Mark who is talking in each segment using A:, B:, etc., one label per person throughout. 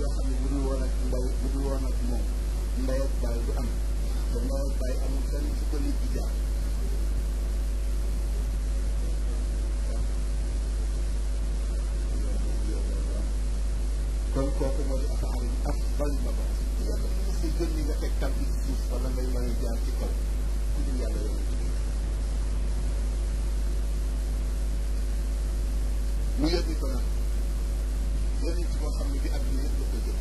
A: yoo xam ne bu dul woon ak ndaw bu dul woon ak moom ndey ak baay du am te ndey ak di jaar kon kooku mooy ma ba yàlla mu nga teg tànk ci suuf ngay mën a jaar ci kaw ku dul yàlla yow mu yëg ni ko nag wala nit boo xam ne bi àdduna yëpp la koy jël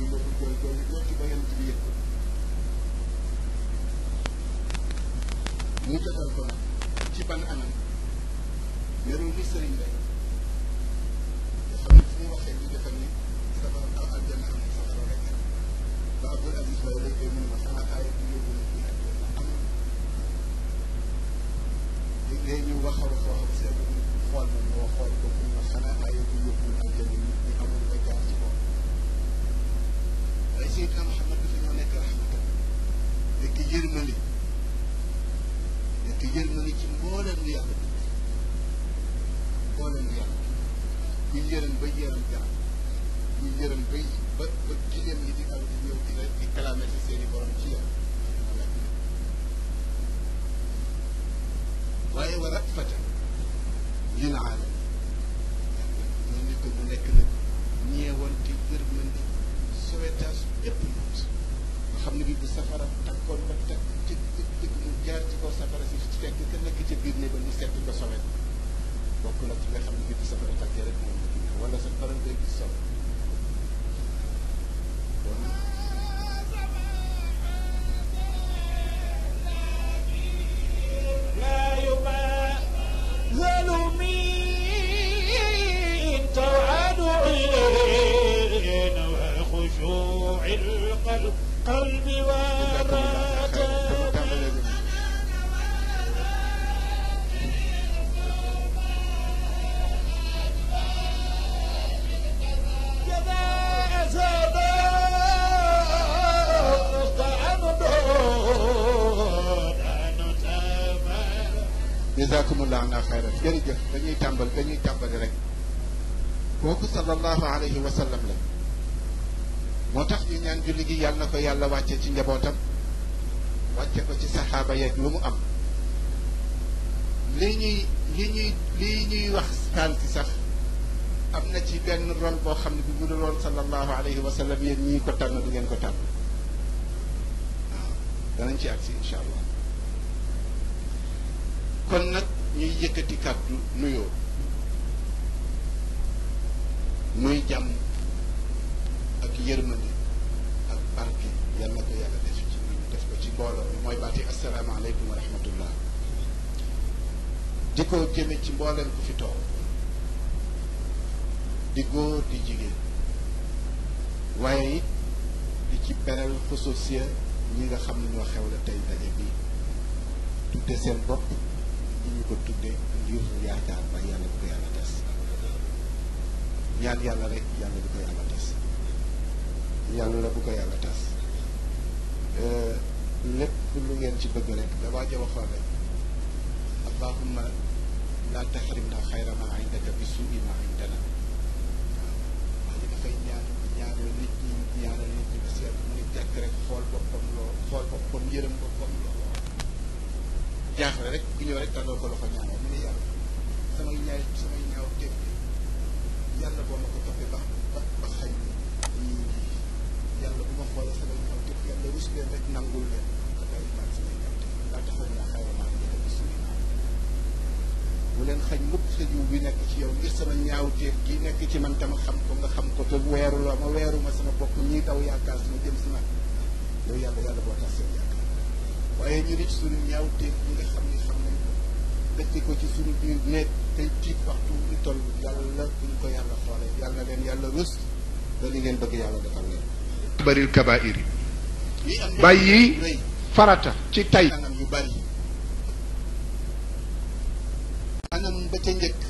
A: ñoo ci bayante bi yëpp mu defal ko ci ban anam melul ni sëriñ lay nga xam ne fu mu waxee ñu defal ni safar aw aljanna am na safara rek ba abdul aziz lay lay koy mun ma sama aaya bi yóbbu na fii aljanna am léeg-léeg ñu wax a wax wax seetlu xool na moo xool ko mu ma xanaa aaya bi yóbbu na aljanna nit ñi amul nga jaar ci bopp waaye Seydina Muhammad dafa ñoo nekk rahmatan nekk yërmande nekk yërmande ci mbooleem lu yàlla mbooleem lu yàlla ñu yërëm bay yërëm jaam ñu yërëm bay ba ba gileem yi di aw di ñëw di di kalaame si seeni borom ci yow waaye war a fata lil aalam كنا في الاخر بنجيب السفر بتاعت يا ريت ولا سفر انت جبت السفر توعد القلب جزاكم الله عنا خيرا جرجف دنيي تامبل دنيي تامبل رك كوكو صلى الله عليه وسلم لا موتاخ ني نان جولي يال نكو يالا واتي سي نيبوتام واتي كو سي صحابه يك لوم ام لي ني لي ني لي ني واخ سانتي صاح امنا سي بن رول بو خامني بو مودو رول صلى الله عليه وسلم يك ني كو تان دو نين كو تان آه، دا نان سي اكسي ان شاء الله kon nag ñuy yëkkati kàddu nuyoo muy jàmm ak yërmande ak barke yàlla ko yàlla def ci ñu def ko ci mbooloo bi mooy baati asalaamaaleykum wa rahmatullah di ko jëme ci mbooleem ku fi toog di di jigéen waaye it di ci beral xususiya ñi nga xam ne ñoo xew la tey daje bi tudde seen bopp ñu ko tuddee ngir yaakaar ba yàlla bu ko yàlla tas ñaan yàlla rek yàlla bu ko yàlla tas yàlla bu ko yàlla tas euh, lépp lu ngeen ci bëgg rek damaa jo waxoon rek allahumma laa taxrimna xayra ma indaka bi suu'i ma indana waaw wax dafay ñaan ñaanal nit ñi ñaanal nit ñi ba seet jàkk rek xool boppam loo xool boppam yërëm boppam loo jaaxle rek ñëw rek tàllal ko fa ñaanal mu ne yàlla samay ñaay samay ñaaw yàlla boo ko toppee ba ba ba xañ ñii bu ma xoolee samay ñaaw teg yàlla rus leen rek xañ mukk sa jiw bi nekk ci yow ngir sama ñaawteef gi nekk ci man dama xam ko nga xam ko te weeru la ma weeru sama bopp ñii daw yaakaar sama jëm si man yow yàlla yàlla boo tax seen yaakaar waaye ñu ne ci suñu ñaawteef nga xam ne xam nañ respecté ci suñu biir nekk tey tiit waxtu ko yàlla xoole yàlla leen yàlla rus ba li yàlla defal leen yi bàyyi farata ci tay yu bari anam ba ca njëkk